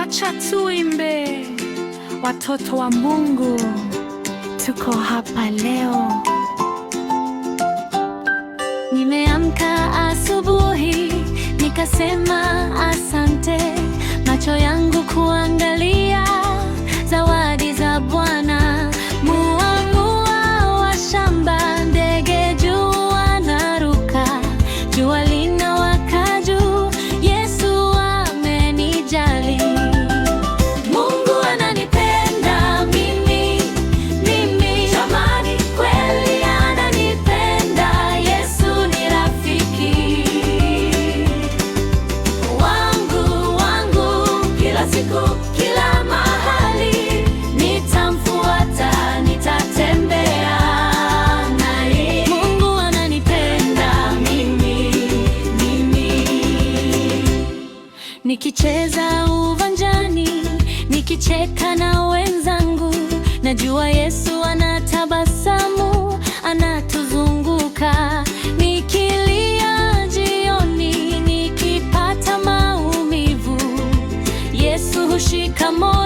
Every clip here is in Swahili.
Wacha tuimbe, watoto wa Mungu, tuko hapa leo. Nimeamka asubuhi nikasema asa siku kila mahali, nitamfuata, nitatembea naye. Mungu ananipenda mimi, mimi. Nikicheza uvanjani nikicheka na wenzangu, najua Yesu ana she come on?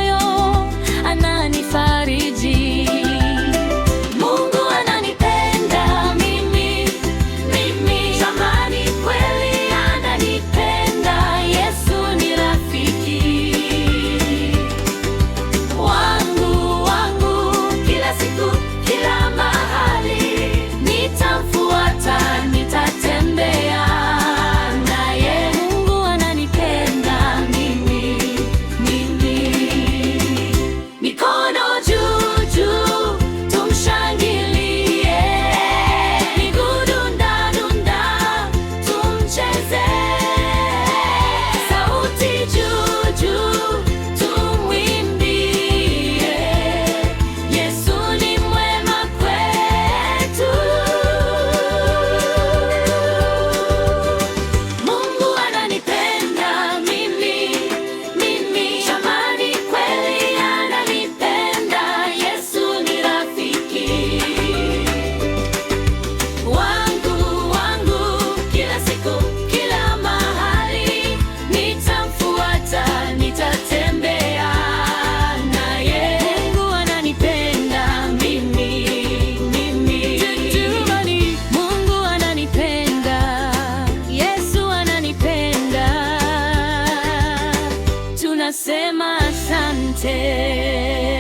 sema asante.